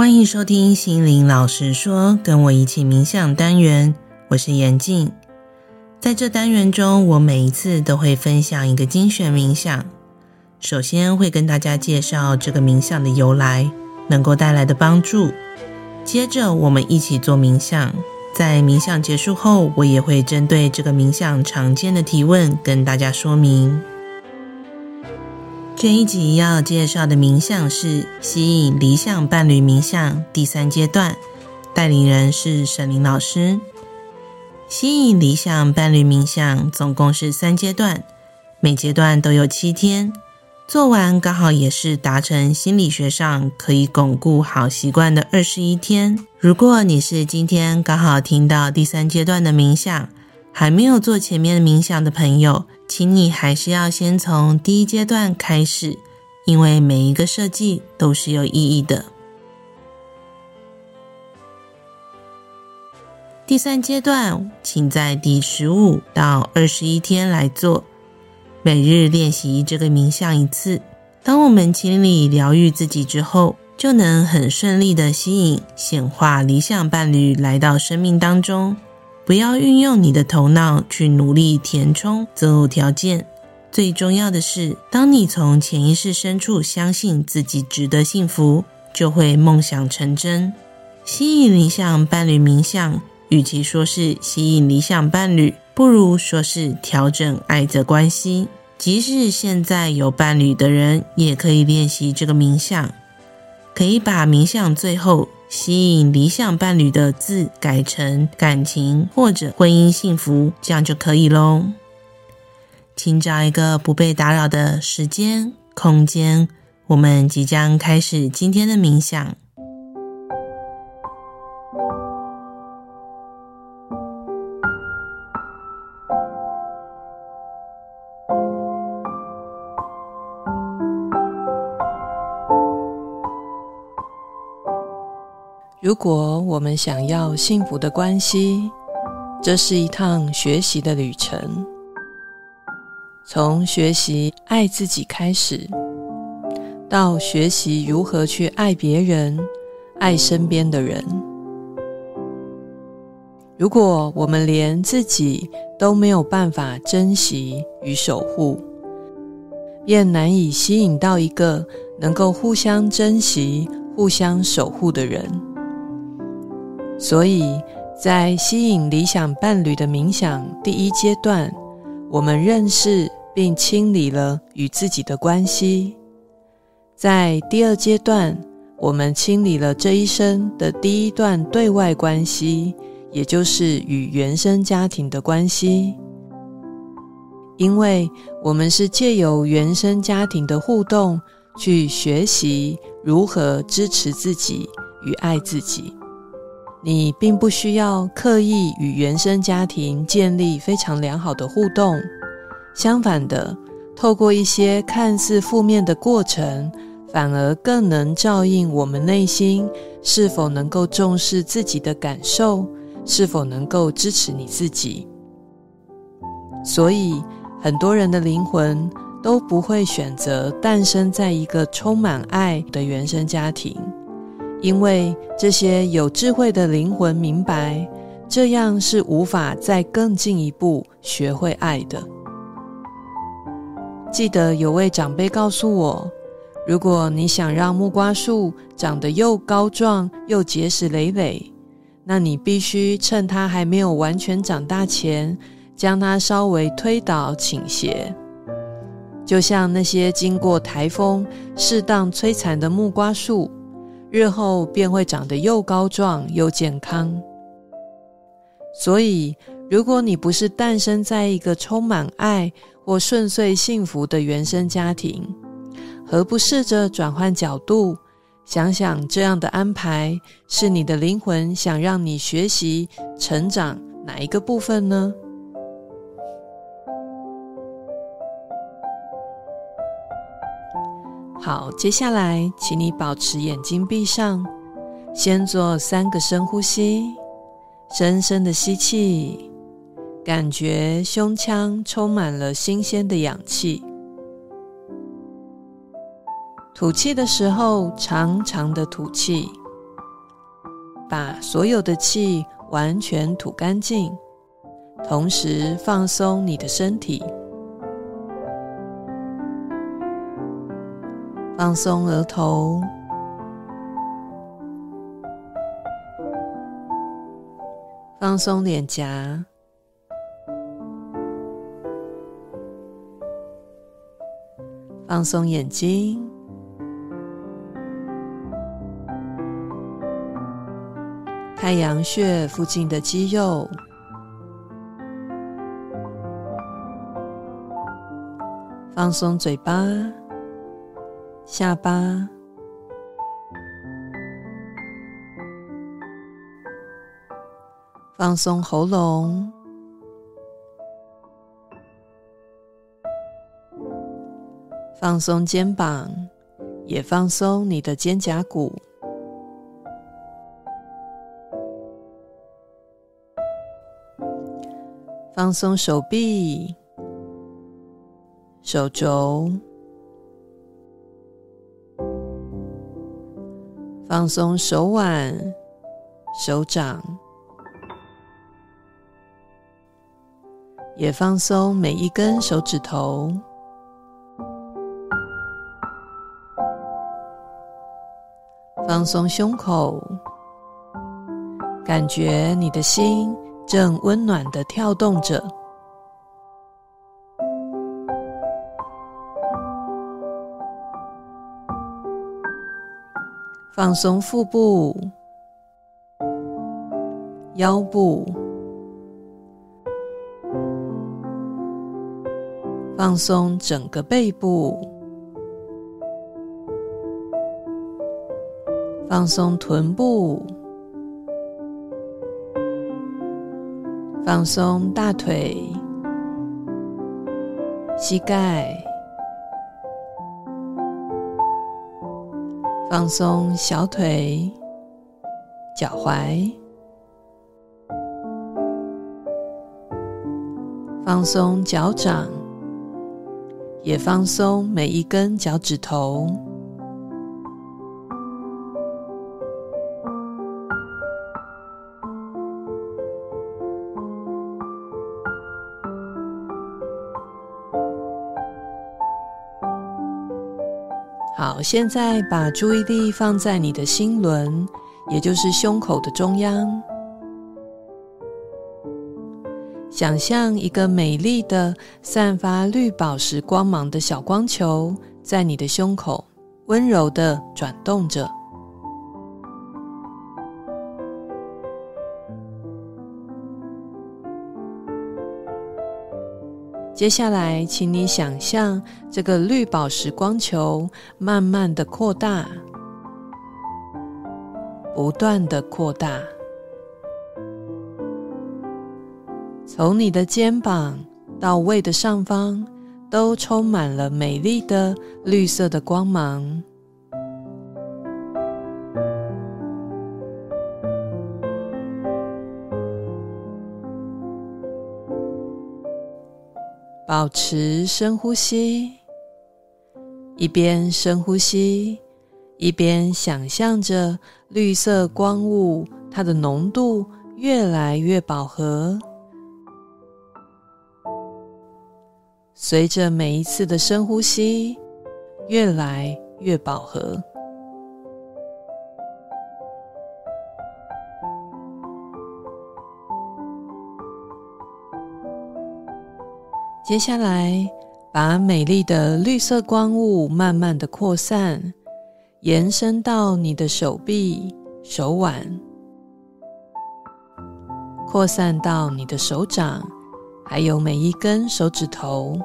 歡迎收聽心靈老師說，跟我一起冥想單元。我是妍靜，在這單元中，我每一次都會分享一個精選冥想。首先會跟大家介紹這個冥想的由來，能夠帶來的幫助。接着我們一起做冥想，在冥想結束後，我也會針對這個冥想常見的提問跟大家說明。這一集要介紹的冥想是吸引理想伴侶冥想第三階段，帶領人是沈伶老師。吸引理想伴侶冥想總共是三階段，每階段都有七天，做完剛好也是達成心理學上可以鞏固好習慣的二十一天。如果你是今天剛好聽到第三階段的冥想，還沒有做前面冥想的朋友。請你還是要先從第一階段開始，因為每一個設計都是有意義的。第三階段，請在第十五到二十一天來做，每日練習這個冥想一次。當我們清理、療癒自己之後，就能很順利的吸引顯化理想伴侶來到生命當中。不要運用你的頭腦去努力填充擇偶條件。最重要的是，當你從潛意識深處相信自己值得幸福，就會夢想成真。吸引理想伴侶冥想，與其說是吸引理想伴侶，不如說是調整愛的關係。即使現在有伴侶的人，也可以練習這個冥想。可以把冥想最後吸引理想伴侶的字改成感情或者婚姻幸福，這樣就可以嘍。請找一個不被打擾的時間空間，我們即將開始今天的冥想。如果我們想要幸福的關係，這是一趟學習的旅程，從學習愛自己開始，到學習如何去愛別人、愛身邊的人。如果我們連自己都沒有辦法珍惜與守護，便難以吸引到一個能夠互相珍惜、互相守護的人。所以在吸引理想伴侶的冥想第一階段，我們認識並清理了與自己的關係。在第二階段，我們清理了這一生的第一段對外關係，也就是與原生家庭的關係。因為我們是借由原生家庭的互動去學習如何支持自己與愛自己。你並不需要刻意與原生家庭建立非常良好的互動，相反的，透過一些看似負面的過程，反而更能照應我們內心是否能夠重視自己的感受，是否能夠支持你自己。所以，很多人的靈魂都不會選擇誕生在一個充滿愛的原生家庭。因為這些有智慧的靈魂明白，這樣是無法再更進一步學會愛的。記得有位長輩告訴我，如果你想讓木瓜樹長得又高壯又結實纍纍，那你必須趁它還沒有完全長大前，將它稍微推倒傾斜，就像那些經過颱風適當摧殘的木瓜樹。日後便會長得又高壯又健康。所以，如果你不是誕生在一個充滿愛或順遂幸福的原生家庭，何不試着轉換角度，想想這樣的安排是你的靈魂想讓你學習成長哪一個部分呢？好，接下來請你保持眼睛閉上，先做三個深呼吸，深深的吸氣，感覺胸腔充滿了新鮮的氧氣；吐氣的時候，長長的吐氣，把所有的氣完全吐乾淨，同時放鬆你的身體。放鬆額頭，放鬆臉頰，放鬆眼睛，太陽穴附近的肌肉，放鬆嘴巴。下巴放鬆，喉嚨放鬆，肩膀也放鬆，你的肩胛骨放鬆，手臂、手肘。放鬆手腕、手掌，也放鬆每一根手指頭。放鬆胸口，感覺你的心正溫暖的跳動着。放鬆腹部、腰部，放鬆整個背部，放鬆臀部，放鬆大腿、膝蓋。放鬆小腿、腳踝，放鬆腳掌，也放鬆每一根腳趾頭。我現在把注意力放在你的心輪，也就是胸口的中央，想象一個美麗的散發綠寶石光芒的小光球，在你的胸口溫柔的轉動着。接下來，請你想象這個綠寶石光球慢慢的擴大，不斷的擴大，從你的肩膀到胃的上方，都充滿了美麗的綠色的光芒。保持深呼吸，一邊深呼吸，一邊想象着綠色光霧，它的濃度越來越飽和。隨着每一次的深呼吸，越來越飽和。接下來，把美麗的綠色光霧慢慢的擴散，延伸到你的手臂、手腕，擴散到你的手掌，還有每一根手指頭，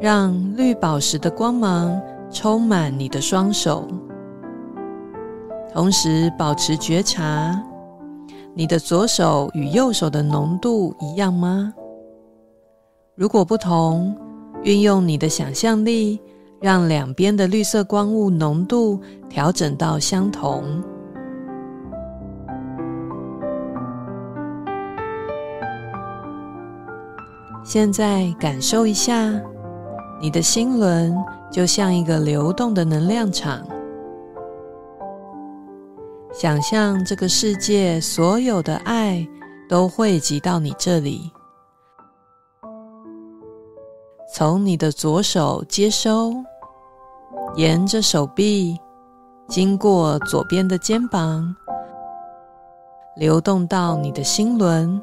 讓綠寶石的光芒充滿你的雙手，同時保持覺察。你的左手與右手的濃度一樣嗎？如果不同，運用你的想象力，讓兩邊的綠色光霧濃度調整到相同。現在感受一下，你的心輪就像一個流動的能量場。想象這個世界所有的愛都匯集到你這裡，從你的左手接收，沿着手臂，經過左邊的肩膀，流動到你的心輪，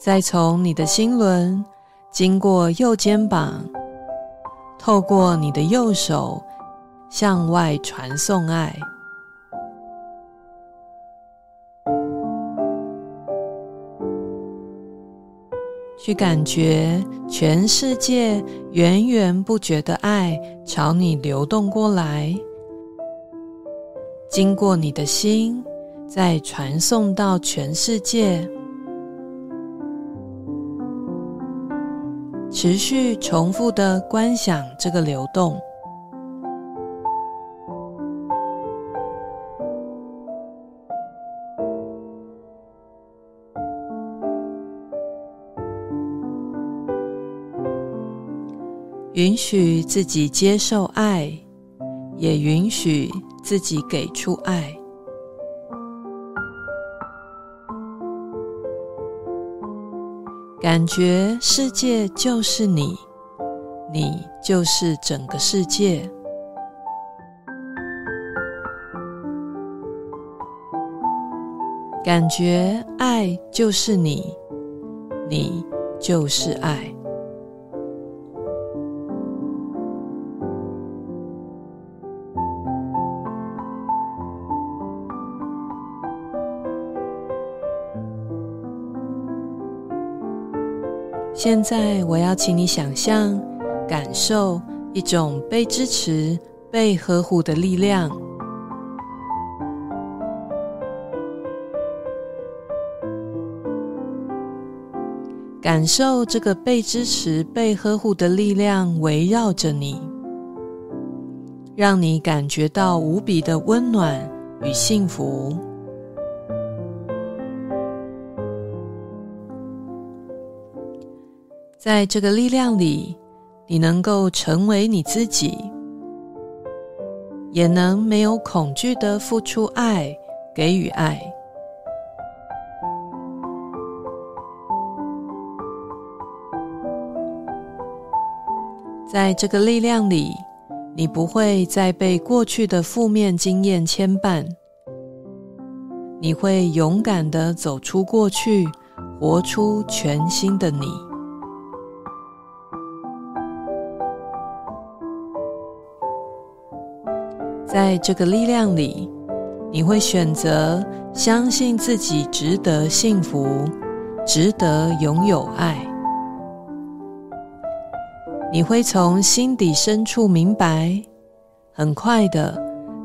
再從你的心輪經過右肩膀，透過你的右手。向外傳送愛，去感覺全世界源源不絕的愛朝你流動過來，經過你的心，再傳送到全世界，持續重複的觀想這個流動。允許自己接受愛，也允許自己給出愛。感覺世界就是你，你就是整個世界。感覺愛就是你，你就是愛。現在，我要請你想象、感受一種被支持、被呵護的力量。感受這個被支持、被呵護的力量圍繞着你，讓你感覺到無比的溫暖與幸福。在這個力量裡，你能夠成為你自己，也能沒有恐懼的付出愛，給予愛。在這個力量裡，你不會再被過去的負面經驗牽絆，你會勇敢的走出過去，活出全新的你。在這個力量裡，你會選擇相信自己值得幸福，值得擁有愛。你會從心底深處明白，很快的，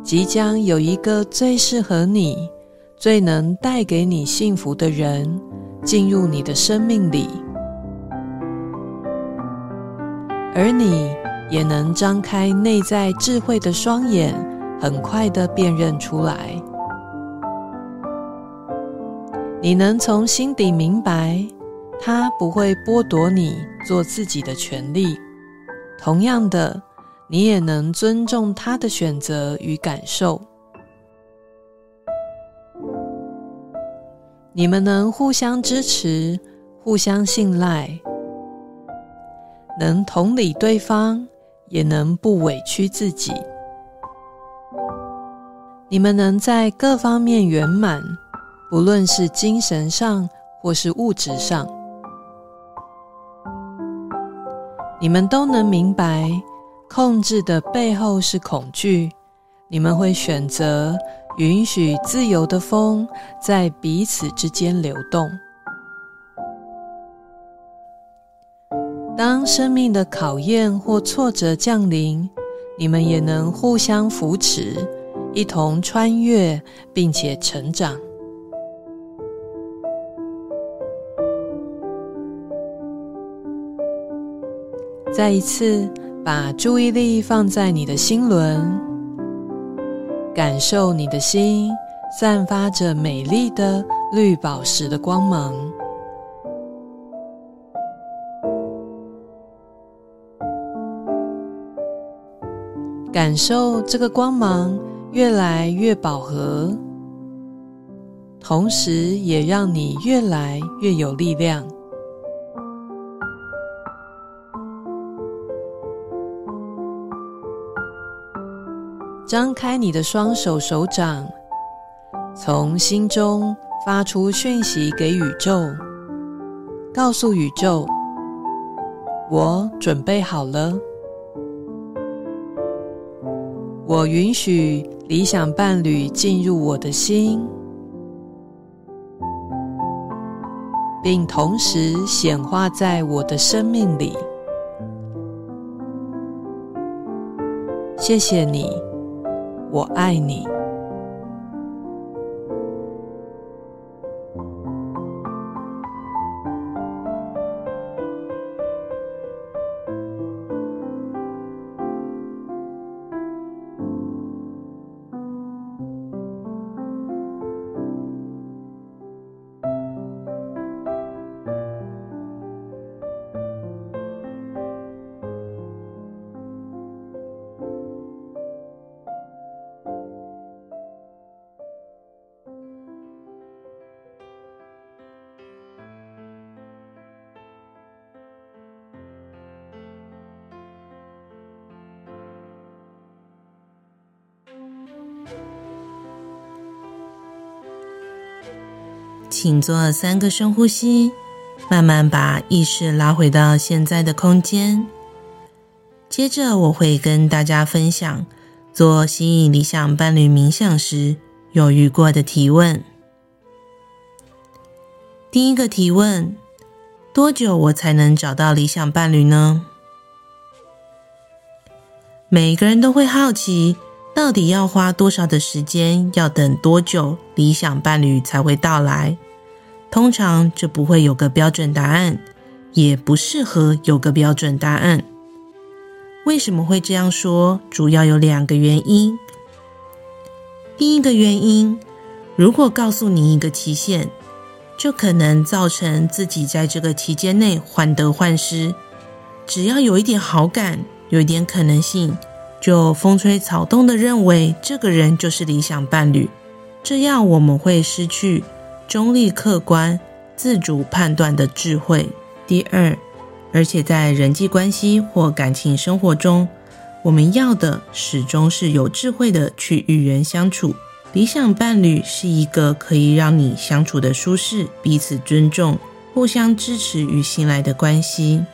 即將有一個最適合你、最能帶給你幸福的人進入你的生命裡。而你也能張開內在智慧的雙眼。很快的辨認出來，你能從心底明白，他不會剝奪你做自己的權利。同樣的，你也能尊重他的選擇與感受。你們能互相支持，互相信賴，能同理對方，也能不委屈自己。你們能在各方面圓滿，不論是精神上或是物質上，你們都能明白控制的背後是恐懼。你們會選擇允許自由的風在彼此之間流動。當生命的考驗或挫折降臨，你們也能互相扶持。一同穿越，並且成長。再一次，把注意力放在你的心輪，感受你的心散發着美麗的綠寶石的光芒，感受這個光芒。越來越飽和，同時也讓你越來越有力量。張開你的雙手手掌，從心中發出訊息給宇宙，告訴宇宙：我準備好了，我允許。理想伴侶進入我的心，並同時顯化在我的生命裡。謝謝你，我愛你。請做三個深呼吸，慢慢把意識拉回到現在的空間。接着，我會跟大家分享做吸引理想伴侶冥想時有遇過的提問。第一個提問：多久我才能找到理想伴侶呢？每一個人都會好奇。到底要花多少的時間，要等多久，理想伴侶才會到來？通常就不會有個標準答案，也不適合有個標準答案。為什麼會這樣說？主要有兩個原因。第一個原因，如果告訴你一個期限，就可能造成自己在這個期間內患得患失。只要有一點好感，有一點可能性，就風吹草動的認為這個人就是理想伴侶，這樣我們會失去中立、客觀、自主判斷的智慧。第二，而且在人際關係或感情生活中，我們要的始終是有智慧的去與人相處。理想伴侶是一個可以讓你相處的舒適、彼此尊重、互相支持與信賴的關係。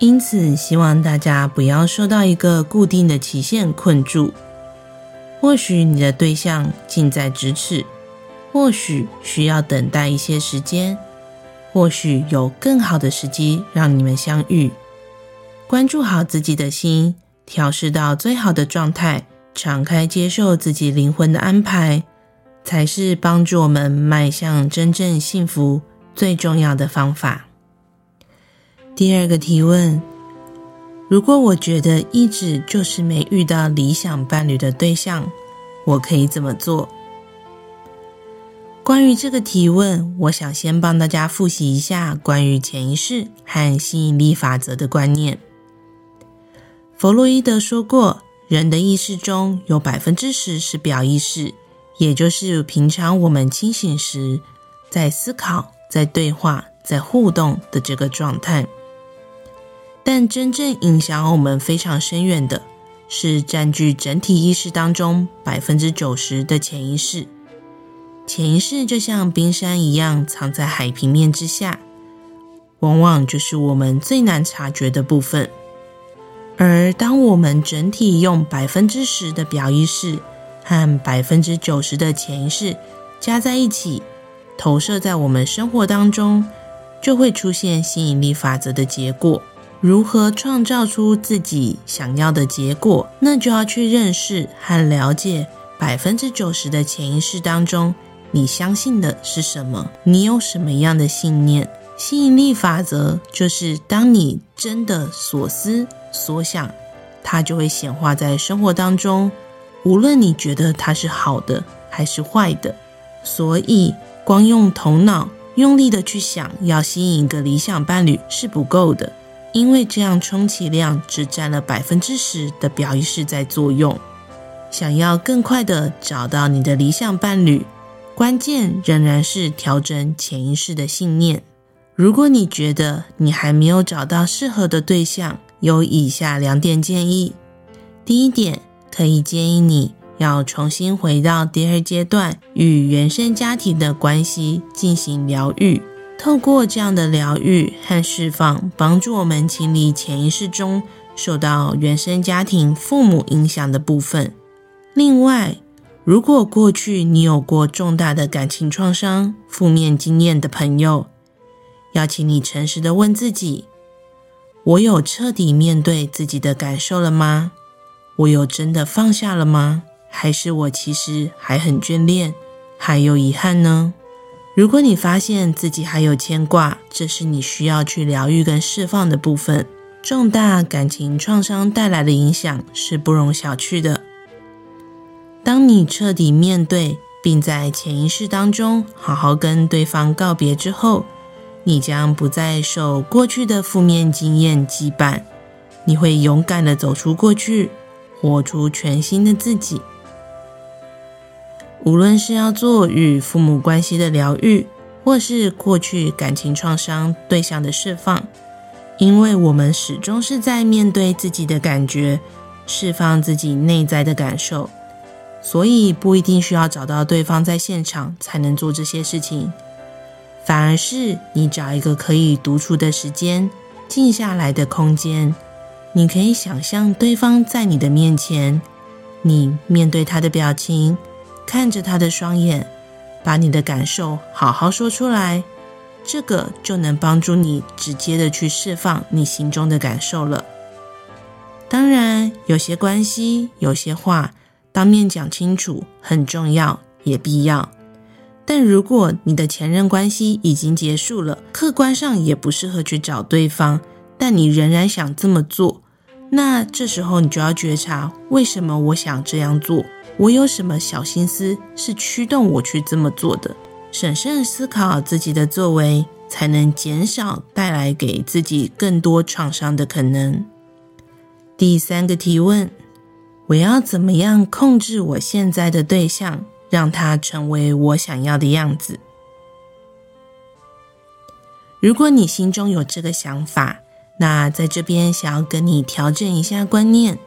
因此，希望大家不要受到一個固定的期限困住。或許你的對象近在咫尺，或許需要等待一些時間，或許有更好的時機讓你們相遇。關注好自己的心，調適到最好的狀態，敞開接受自己靈魂的安排，才是幫助我們邁向真正幸福最重要的方法。第二個提問：如果我覺得一直就是沒遇到理想伴侶的對象，我可以怎麼做？關於這個提問，我想先幫大家複習一下關於潛意識和吸引力法則的觀念。弗洛伊德說過，人的意識中有百分之十是表意識，也就是平常我們清醒時在思考、在對話、在互動的這個狀態。但真正影響我們非常深遠的，是占據整體意識當中百分之九十的潛意識。潛意識就像冰山一樣，藏在海平面之下，往往就是我們最難察覺的部分。而當我們整體用百分之十的表意識和百分之九十的潛意識加在一起，投射在我們生活當中，就會出現吸引力法則的結果。如何創造出自己想要的結果？那就要去認識和了解百分之九十的潛意識當中，你相信的是什麼？你有什麼樣的信念？吸引力法則就是：當你真的所思所想，它就會顯化在生活當中。無論你覺得它是好的還是壞的，所以光用頭腦用力的去想要吸引一個理想伴侶是不夠的。因為這樣充其量只占了百分之十的表意識在作用，想要更快地找到你的理想伴侶，關鍵仍然是調整潛意識的信念。如果你覺得你還沒有找到適合的對象，有以下兩點建議：第一點，可以建議你要重新回到第二階段與原生家庭的關係進行療癒。透過這樣的療癒和釋放，幫助我們清理潛意識中受到原生家庭、父母影響的部分。另外，如果過去你有過重大的感情創傷、負面經驗的朋友，要請你誠實的問自己，我有徹底面對自己的感受了嗎？我有真的放下了嗎？還是我其實還很眷戀，還有遺憾呢？如果你發現自己還有牽掛，這是你需要去療癒跟釋放的部分。重大感情創傷帶來的影響是不容小覷的。當你徹底面對，並在潛意識當中好好跟對方告別之後，你將不再受過去的負面經驗羈絆，你會勇敢地走出過去，活出全新的自己。無論是要做與父母關係的療癒，或是過去感情創傷對象的釋放，因為我們始終是在面對自己的感覺，釋放自己內在的感受，所以不一定需要找到對方在現場才能做這些事情。反而是你找一個可以獨處的時間，靜下來的空間，你可以想象對方在你的面前，你面對他的表情。看着他的雙眼，把你的感受好好說出來，這個就能幫助你直接的去釋放你心中的感受了。當然，有些關係，有些話，當面講清楚很重要，也必要。但如果你的前任關係已經結束了，客觀上也不適合去找對方，但你仍然想這麼做，那這時候你就要覺察，為什麼我想這樣做？我有什麼小心思是驅動我去這麼做的？審慎思考自己的作為，才能減少帶來給自己更多創傷的可能。第三個提問：我要怎麼樣控制我現在的對象，讓他成為我想要的樣子？如果你心中有這個想法，那在這邊想要跟你調整一下觀念。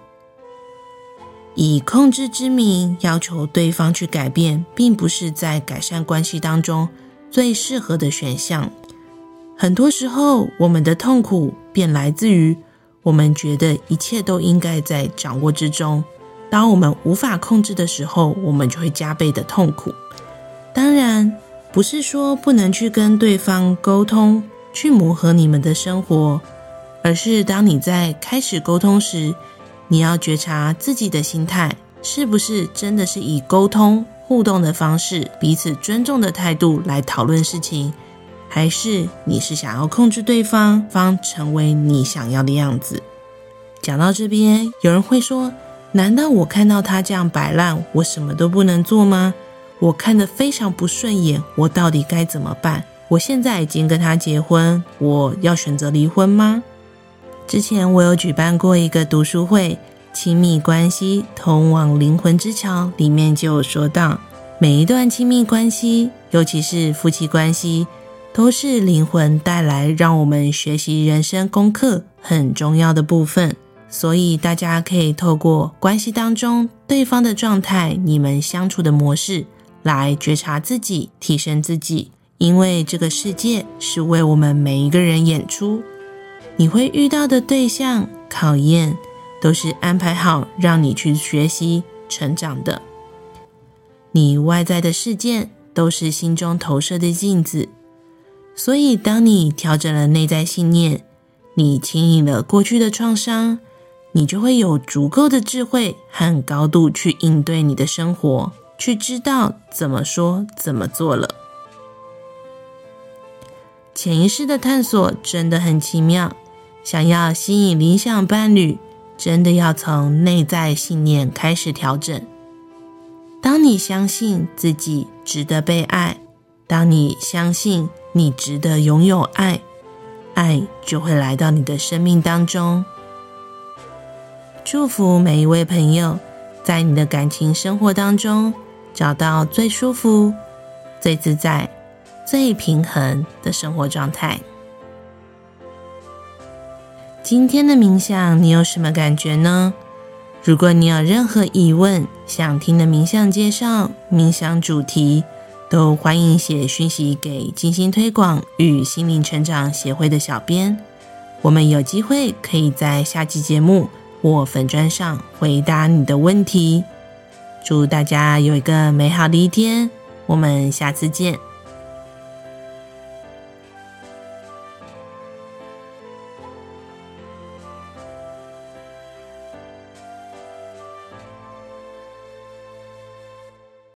以控制之名要求對方去改變，並不是在改善關係當中最適合的選項。很多時候，我們的痛苦便來自於我們覺得一切都應該在掌握之中。當我們無法控制的時候，我們就會加倍的痛苦。當然，不是說不能去跟對方溝通，去磨合你們的生活，而是當你在開始溝通時，你要覺察自己的心態，是不是真的是以溝通互動的方式，彼此尊重的態度來討論事情，還是你是想要控制對方，方成為你想要的樣子？講到這邊，有人會說：“難道我看到他這樣擺爛，我什麼都不能做嗎？我看得非常不順眼，我到底該怎麼辦？我現在已經跟他結婚，我要選擇離婚嗎？”之前我有舉辦過一個讀書會，《親密關係通往靈魂之橋》裡面就有說到，每一段親密關係，尤其是夫妻關係，都是靈魂帶來讓我們學習人生功課很重要的部分。所以大家可以透過關係當中對方的狀態、你們相處的模式，來覺察自己、提升自己，因為這個世界是為我們每一個人演出。你會遇到的對象考驗，都是安排好讓你去學習成長的。你外在的事件都是心中投射的鏡子，所以當你調整了內在信念，你輕盈了過去的創傷，你就會有足夠的智慧和高度去應對你的生活，去知道怎麼說怎麼做了。潛意識的探索真的很奇妙。想要吸引理想伴侶，真的要從內在信念開始調整。當你相信自己值得被愛，當你相信你值得擁有愛，愛就會來到你的生命當中。祝福每一位朋友，在你的感情生活當中，找到最舒服、最自在、最平衡的生活狀態。今天的冥想，你有什麼感覺呢？如果你有任何疑問、想聽的冥想介紹、冥想主題，都歡迎寫訊息給靜心推廣與心靈成長協會的小編，我們有機會可以在下期節目或粉專上回答你的問題。祝大家有一個美好的一天，我們下次見。